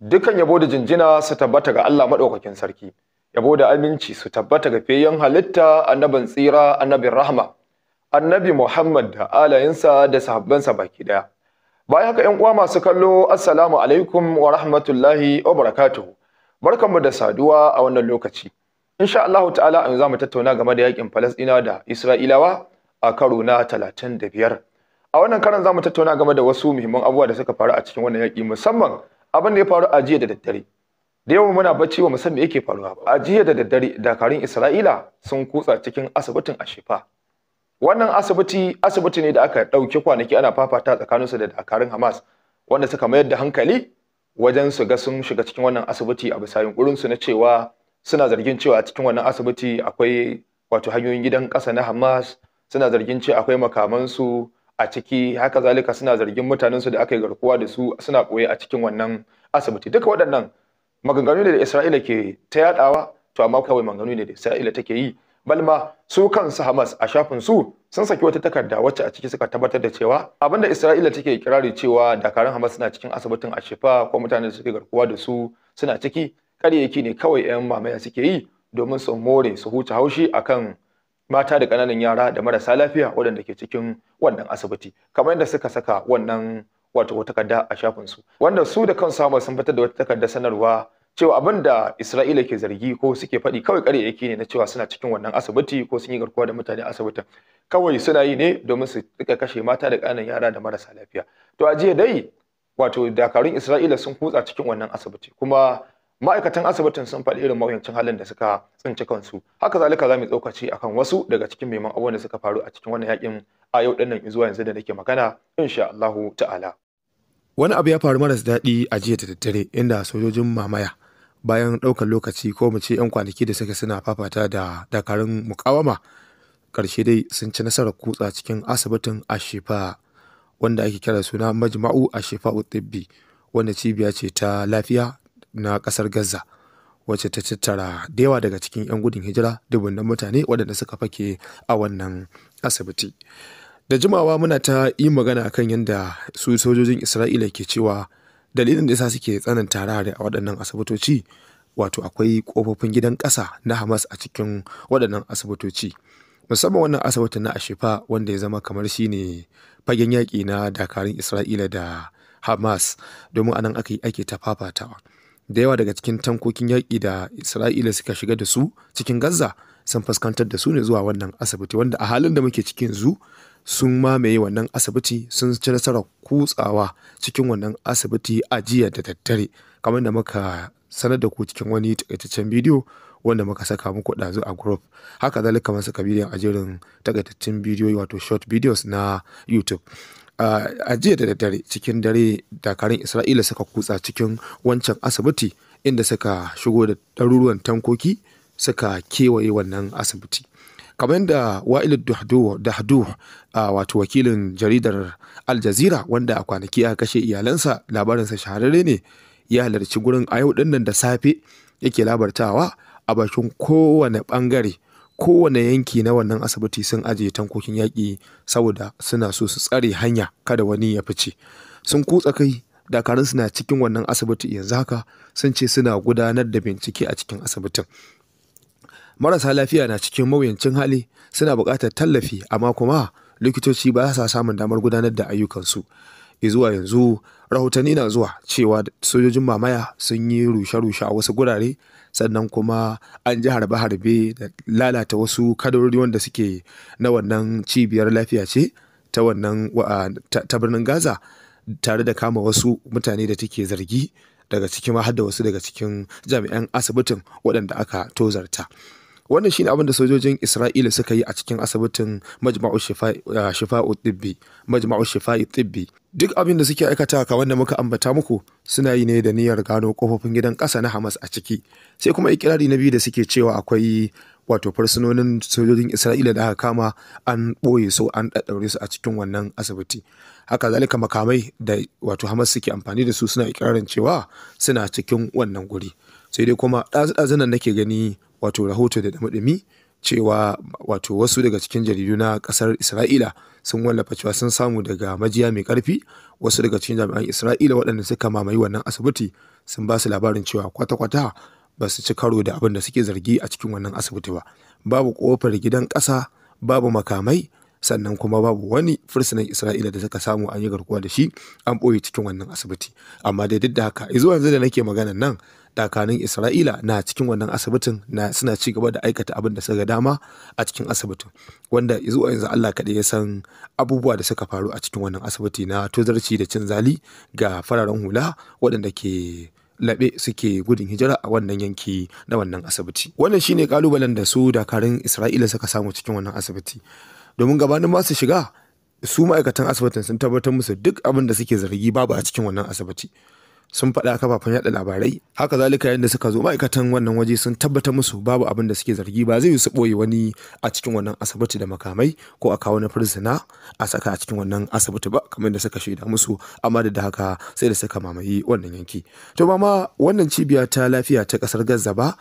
dukan yabo da jinjina su tabbata ga Allah maɗaukakin sarki yabo da aminci su tabbata ga feyen halitta annabin tsira annabin rahma annabi Muhammad da alayinsa da sahabbansa baki daya bayan haka 'yan uwa masu kallo assalamu alaikum wa rahmatullahi wa barakatuhu barkanmu da saduwa a wannan lokaci insha Allah ta'ala an mu tattauna game da yakin Falasɗina da Isra'ilawa a karo na biyar. a wannan karan zamu tattauna game da wasu muhimman abubuwa da suka faru a cikin wannan yaki musamman abin da ya faru a jiya da daddare da yawan muna bacci wa musamman yake faruwa ba a jiya da daddare dakarun isra'ila sun kutsa cikin asibitin ashifa wannan asibiti asibiti ne da aka ɗauki kwanaki ana fafata tsakaninsu da dakarun hamas wanda suka mayar da hankali wajen su ga sun shiga cikin wannan asibiti a bisa yunkurinsu na cewa suna zargin cewa a cikin wannan asibiti akwai wato hanyoyin gidan ƙasa na hamas suna zargin cewa akwai makamansu a ciki haka zalika suna zargin mutanensu da aka yi garkuwa da su suna ɓoye a cikin wannan asibiti duka waɗannan maganganu ne da Isra'ila ke ta yaɗawa to amma kawai maganganu ne da Isra'ila take yi balma su kansu Hamas a shafin su sun saki wata takarda wacce a ciki suka tabbatar da cewa abinda Isra'ila take kirari cewa dakarun Hamas suna cikin asibitin a Shifa ko mutanen da suke garkuwa da su suna ciki ƙaryaki ne kawai 'yan mamaya suke yi domin su more su huce haushi akan mata da ƙananan yara da marasa lafiya waɗanda ke cikin wannan asibiti kamar yadda suka saka wannan wato takarda a su. wanda su da kansu Hamas sun fitar da wata takarda sanarwa cewa abin da Isra'ila ke zargi ko suke faɗi kawai yake ne na cewa suna cikin wannan asibiti ko sun yi garkuwa da mutane asibitin kawai suna yi ne domin su rika kashe mata da ƙananan yara da marasa lafiya to a jiya dai wato dakarun Isra'ila sun kutsa cikin wannan asibiti kuma ma'aikatan asibitin sun faɗi irin mawuyacin halin da suka tsinci kansu haka zalika za mu tsokaci akan wasu daga cikin muhimman abubuwan da suka faru a cikin wannan yakin a yau dinnan zuwa yanzu da nake magana insha Allahu ta'ala wani abu ya faru maras daɗi a jiya da daddare inda sojojin mamaya bayan ɗaukar lokaci ko mu ce 'yan kwanaki da suka suna fafata da dakarun mukawama ƙarshe dai sun ci nasarar kutsa cikin asibitin ashifa wanda ake kira suna majma'u ashifa'u utibbi wanda cibiya ce ta lafiya na kasar Gaza wacce ta tattara da yawa daga cikin 'yan gudun hijira dubunan mutane waɗanda suka fake a wannan asibiti. Da jimawa muna ta yi magana kan yadda su sojojin Isra'ila ke cewa dalilin da yasa suke tsananta rari a waɗannan asibitoci wato akwai ƙofofin gidan ƙasa na Hamas a cikin waɗannan asibitoci. musamman wannan asibitin na ashifa wanda ya zama kamar shi ne, fagen yaƙi na dakarun isra'ila da hamas domin anan ake ta fafatawa da yawa daga cikin tankokin yaƙi da isra'ila suka shiga da su cikin gaza sun fuskantar da su ne zuwa wannan asibiti wanda a halin da muke cikin zu sun mamaye wannan asibiti sun ci nasarar kutsawa cikin wannan asibiti a jiya da daddare kamar da muka sanar da ku cikin wani takaitaccen bidiyo wanda muka saka muku ɗazu a group haka zalika masu saka bidiyon a jerin takaitaccen bidiyo wato short videos na youtube a jiya da daddare cikin dare dakarun isra'ila suka kutsa cikin wancan asibiti inda suka shigo da ɗaruruwan tankoki suka kewaye wannan asibiti kamar yadda wa'il dahdu a wato wakilin jaridar al wanda a kwanaki a kashe iyalansa labarinsa shahararre ne ya halarci gurin a yau da safe yake labartawa a bakin kowane bangare kowane yanki na wannan asibiti sun ajiye tankokin yaƙi saboda suna so su tsare hanya kada wani ya fice sun kutsa kai dakarun suna cikin wannan asibiti yanzu haka sun ce suna gudanar da bincike a cikin asibitin marasa lafiya na cikin mawuyancin hali suna buƙatar tallafi amma kuma likitoci ba sa samun damar gudanar da ayyukansu zuwa yanzu rahotanni na zuwa cewa sojojin mamaya sun yi rushe-rushe a wasu gurare sannan kuma an ji harbe-harbe da lalata wasu kadarori wanda suke na wannan cibiyar lafiya ce ta wannan ta birnin gaza tare da kama wasu mutane da take zargi daga cikin da wasu daga cikin jami'an asibitin waɗanda aka tozarta wannan shine abin da sojojin Isra'ila suka yi a cikin asibitin Majma'u Shifa'u Tibbi Majma'u Shifa'i Tibbi duk abin da suke aikata ka wanda muka ambata muku suna yi ne da niyyar gano kofofin gidan ƙasa na Hamas a ciki sai kuma ikirari na biyu da suke cewa akwai wato fursunonin sojojin Isra'ila da aka kama an ɓoye su an ɗaɗɗaure su a cikin wannan asibiti haka zalika makamai da wato Hamas suke amfani da su suna ikirarin cewa suna cikin wannan guri sai dai kuma ɗazu-ɗazun nan nake gani wato rahoto da dumi cewa wato wasu daga cikin jaridu na ƙasar isra'ila sun wallafa cewa sun samu daga majiya mai ƙarfi, wasu daga cikin jami'an isra'ila waɗanda suka mamaye wannan asibiti sun ba su labarin cewa kwata-kwata ba su ci karo da abin da suke zargi a cikin wannan asibiti ba babu ƙofar gidan ƙasa babu makamai sannan kuma babu wani fursunan isra'ila da suka samu an yi garkuwa da shi an ɓoye cikin wannan asibiti amma dai duk da haka zuwa yanzu da nake maganan nan tsakanin isra'ila na cikin wannan asibitin na suna ci gaba da aikata abin da suka dama a cikin asibitin wanda zuwa yanzu allah kaɗai ya san abubuwa da suka faru a cikin wannan asibiti na tozarci da cin zali ga fararen hula waɗanda ke laɓe suke gudun hijira a wannan yanki na wannan asibiti wannan shine kalubalen da su dakarun isra'ila suka samu cikin wannan asibiti domin gabanin masu shiga su ma'aikatan asibitin sun tabbatar musu duk abin da suke zargi babu a cikin wannan asibiti sun faɗa a kafafen yaɗa labarai haka zalika yayin da suka zo ma'aikatan wannan waje sun tabbata musu babu abin da suke zargi ba zai su ɓoye wani a cikin wannan asibiti da makamai ko a kawo na firzina a saka a cikin wannan asibiti ba kamar da suka shaida musu amma da haka sai da suka mamaye wannan yanki to ba ma wannan cibiya ta lafiya ta ƙasar gaza ba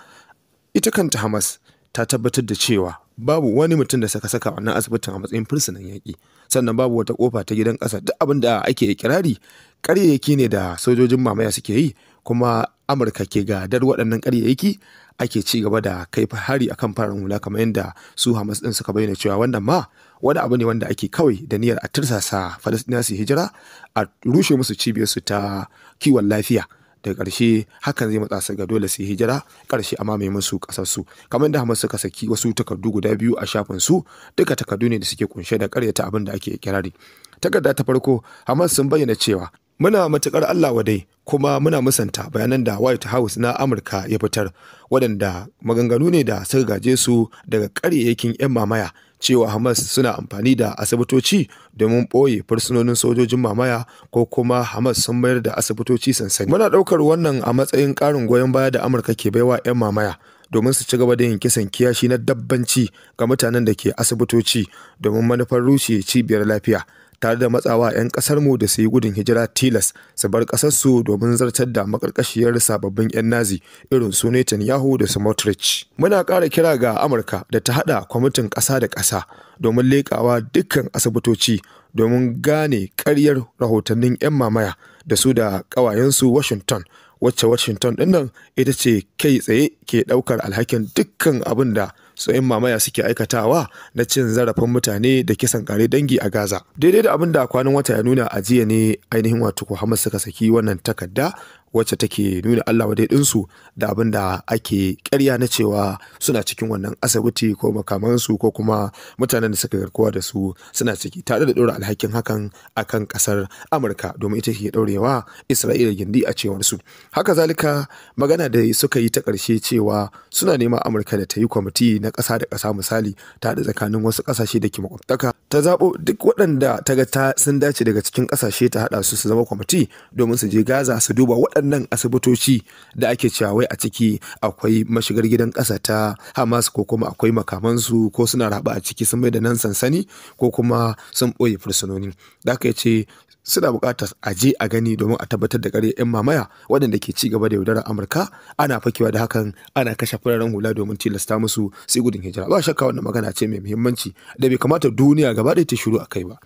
ita kanta hamas ta tabbatar da cewa babu wani mutum da saka saka wannan asibitin a matsayin fursunan yaƙi sannan babu wata kofa ta gidan ƙasa duk abin da ake kirari ƙaryayyaki ne da sojojin mamaya suke yi kuma amurka ke gadar waɗannan ƙaryayyaki ake ci gaba da kai hari akan fararen hula kamar yadda su hamas ɗin suka bayyana cewa wannan ma wani abu ne wanda ake kawai da niyyar a tirsasa falasɗina su hijira a rushe musu cibiyar su ta kiwon lafiya daga ƙarshe hakan zai matsa ga dole su hijira ƙarshe a mai musu ƙasarsu kamar da Hamas suka saki wasu takardu guda biyu a shafin su duka takardu ne da suke kunshe da ƙaryata abin da ake kirari takarda ta farko Hamas sun bayyana cewa muna matuƙar Allah wadai kuma muna musanta bayanan da White House na Amurka ya fitar waɗanda maganganu ne da suka gaje su daga ƙaryayyakin 'yan mamaya cewa Hamas suna amfani da asibitoci domin ɓoye fursunonin sojojin mamaya ko kuma Hamas sun mayar da asibitoci sansani. Muna ɗaukar wannan a matsayin ƙarin goyon baya da Amurka ke baiwa 'yan mamaya domin su ci gaba da yin kisan kiyashi na dabbanci ga mutanen da ke asibitoci domin manufar rushe cibiyar lafiya. tare da matsawa 'yan ƙasarmu da su yi gudun hijira tilas su bar ƙasarsu domin zartar da makarkashiyar sababbin 'yan nazi irin su Netanyahu da Smotrich. Muna ƙara kira ga Amurka da ta haɗa kwamitin ƙasa da ƙasa domin leƙawa dukkan asibitoci domin gane karyar rahotannin 'yan mamaya da su da ƙawayensu Washington wacce Washington ɗin ita ce kai tsaye ke ɗaukar alhakin dukkan abin da su in mamaya suke aikatawa na cin zarafin mutane da kisan kare dangi a Gaza. Daidai da abin da kwanan wata ya nuna a jiya ne ainihin wato Hamas suka saki wannan takarda wacce take nuna Allah wadai ɗinsu da abin da ake ƙarya na cewa suna cikin wannan asibiti ko makamansu ko kuma mutanen da suka garkuwa da su suna ciki tare da ɗora alhakin hakan akan ƙasar Amurka domin ita ke ɗaurewa Isra'ila gindi a cewar su. Haka zalika magana da suka yi ta ƙarshe cewa suna nema Amurka da ta yi kwamiti na ƙasa da ƙasa misali ta da tsakanin wasu ƙasashe da ke makwabtaka ta zaɓo duk waɗanda ta ga sun dace daga cikin ƙasashe ta haɗa su su zama kwamiti domin su je Gaza su duba waɗanda waɗannan asibitoci da ake cewa wai a ciki akwai mashigar gidan ƙasa ta Hamas ko kuma akwai makamansu ko suna raba a ciki sun mai da nan sansani ko kuma sun ɓoye fursunoni. Da aka ce suna buƙatar a je a gani domin a tabbatar da ƙarya 'yan mamaya waɗanda ke cigaba gaba da yaudarar Amurka ana fakewa da hakan ana kashe fararen hula domin tilasta musu sai gudun hijira ba shakka wannan magana ce mai muhimmanci da bai kamata duniya gaba ɗaya ta shiru a kai ba.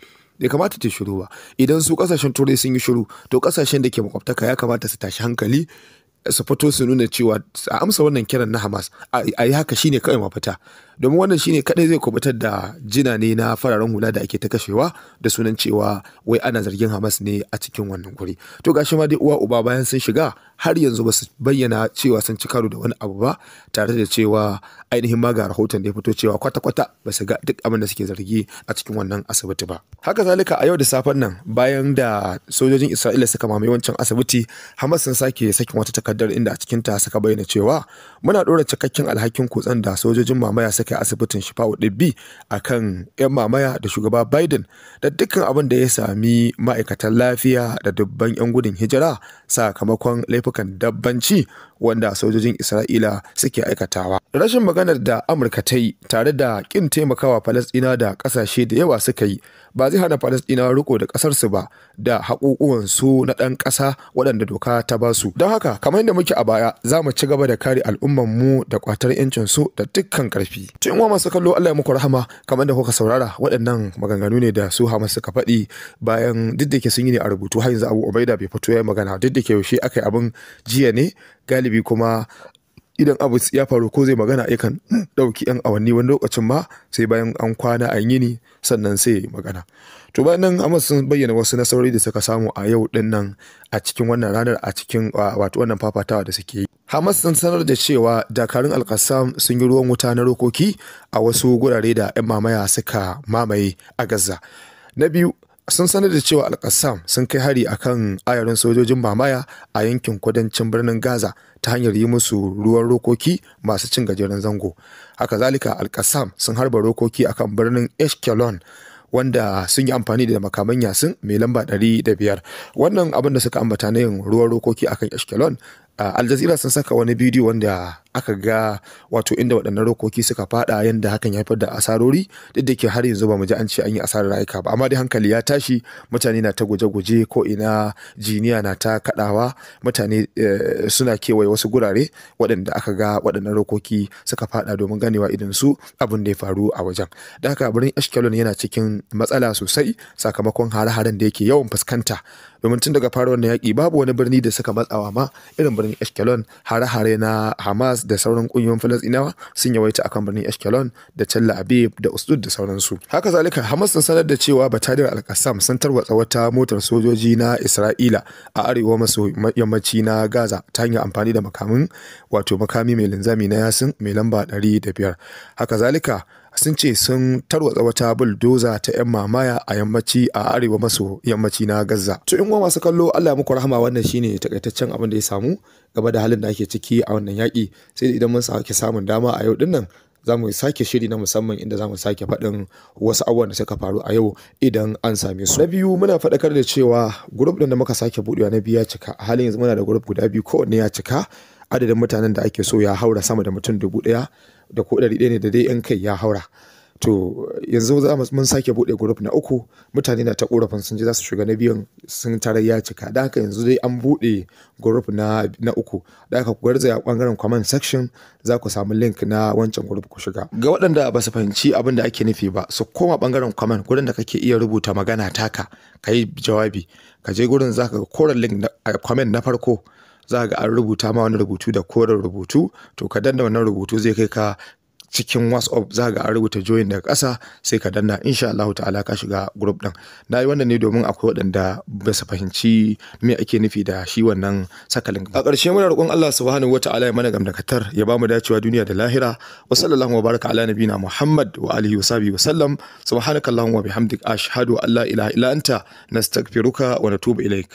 Ya kamata ta shiru ba idan su kasashen turai sun yi shiru to kasashen da ke makwabtaka ya kamata su tashi hankali su fito su nuna cewa a amsa wannan kiran na hamas a yi haka shine kawai mafita domin wannan shine kadai zai kubutar da jina ne na fararen hula da ake ta kashewa da sunan cewa wai ana zargin Hamas ne a cikin wannan guri to gashi ma dai uwa uba bayan sun shiga har yanzu ba su bayyana cewa sun ci karo da wani abu ba tare da cewa ainihin ma ga rahoton da ya fito cewa kwata-kwata ba su ga duk abin da suke zargi a cikin wannan asibiti ba haka zalika a yau da safen nan bayan da sojojin Isra'ila suka mamaye wancan asibiti Hamas sun sake sakin wata takardar inda a cikin ta suka bayyana cewa muna dora cikakken alhakin kutsen da sojojin mamaya suka asibitin Shifa'u a kan 'yan mamaya da shugaba Biden da dukkan abin da ya sami ma'aikatan lafiya da dubban 'yan gudun hijira sakamakon laifukan dabbanci wanda sojojin Isra'ila suke aikatawa. Rashin maganar da Amurka ta yi tare da ƙin taimakawa Falasɗina da ƙasashe da yawa suka yi ba zai hana Falasɗinawa riko da ƙasarsu ba da haƙoƙuwansu na ɗan ƙasa waɗanda doka ta ba su. Don haka kamar yadda muke a baya za mu ci gaba da kare al'ummanmu da ƙwatar su da dukkan ƙarfi. Tun wa masu kallo Allah ya muku rahama kamar da kuka saurara waɗannan maganganu ne da su Hamas suka faɗi bayan duk da ke sun yi ne a rubutu har yanzu Abu Ubaida bai fito ya magana duk da ke yaushe aka yi abin jiya ne galibi kuma idan abu ya faru ko zai magana yakan ɗauki 'yan awanni wani lokacin ma sai bayan an kwana an yini sannan sai magana to bayan nan amma sun bayyana wasu nasarori da suka samu a yau din nan a cikin wannan ranar a cikin wato wannan fafatawa da suke yi Hamas sun sanar da cewa dakarun Alkassam sun yi ruwan wuta na rokoki a wasu gurare da 'yan mamaya suka mamaye a Gaza. Na biyu, sun sanar da cewa alkassam sun kai hari akan ayarin sojojin mamaya a yankin kudancin birnin gaza ta hanyar yi musu ruwan rokoki masu cin gajeren zango haka zalika alkassam sun harba rokoki akan birnin Eskelon, wanda sun yi amfani da makaman yasin mai lamba ɗari da biyar. wannan abin da suka ambata na yin ruwan rokoki akan eshkelon aljazeera sun saka wani bidiyo wanda aka ga wato inda waɗannan rokoki suka faɗa, yadda hakan ya haifar da asarori duk da ke har yanzu ba mu ji an ce an yi asarar rayuka ba amma dai hankali ya tashi mutane na ta guje-guje ko ina jiniya na ta kaɗawa, mutane eh, suna kewaye wasu gurare waɗanda aka ga waɗannan rokoki suka faɗa domin ganewa idan su abin da ya faru a wajen da haka birnin ashkelon yana cikin matsala sosai sakamakon hare-haren da yake yawan fuskanta domin tun daga faruwar yaƙi babu wani birni da suka matsawa ma irin birnin ashkelon hare-hare na hamas Hamas da sauran ƙungiyoyin Falasɗinawa sun yawaita akan birnin Ashkelon da Tel Aviv da usdud da sauran su. Haka zalika Hamas sun sanar da cewa batadar Al-Qassam sun tarwatsa wata motar sojoji na Isra'ila a arewa maso yammaci na Gaza ta hanyar amfani da makamin wato makami mai linzami na Yasin mai lamba 105. Haka zalika sun ce sun tarwatsa wata buldoza ta 'yan mamaya a yammaci a arewa maso yammaci na gaza to in masu kallo allah muku rahama wannan shine takaitaccen abin da ya samu gaba da halin da ake ciki a wannan yaƙi sai da idan mun sake samun dama a yau dinnan za mu sake shiri na musamman inda za mu sake faɗin wasu abubuwan da suka faru a yau idan an same su. Na biyu muna faɗakar da cewa gurub ɗin da muka sake buɗewa na biyu ya cika a halin yanzu muna da gurub guda biyu kowanne ya cika adadin mutanen da ake so ya haura sama da mutum dubu ɗaya da ko ɗari ɗaya ne da dai in kai ya haura to yanzu za mu mun sake buɗe group na uku mutane na ta korafin sun je za su shiga na biyun sun tarar ya cika da haka yanzu dai an buɗe group na na uku da haka ku garzaya bangaren comment section za ku samu link na wancan group ku shiga ga waɗanda ba su fahimci abin da ake nufi ba su koma bangaren comment gurin da kake iya rubuta magana taka kai jawabi ka je gurin za ka koren link na comment na farko za ga an rubuta ma wani rubutu da koren rubutu to ka danna wannan rubutu zai kai ka cikin whatsapp za ga an rubuta join daga ƙasa sai ka danna insha Allah ta'ala ka shiga group din na yi wannan ne domin akwai waɗanda ba su fahimci me ake nufi da shi wannan sakalin a ƙarshe muna roƙon Allah subhanahu wata'ala ya mana gamdakatar ya ba mu dacewa duniya da lahira wa sallallahu wa baraka ala nabina Muhammad wa alihi wa sahbihi wa sallam subhanakallahumma wa bihamdik ashhadu an la ilaha illa anta nastaghfiruka wa natubu ilaik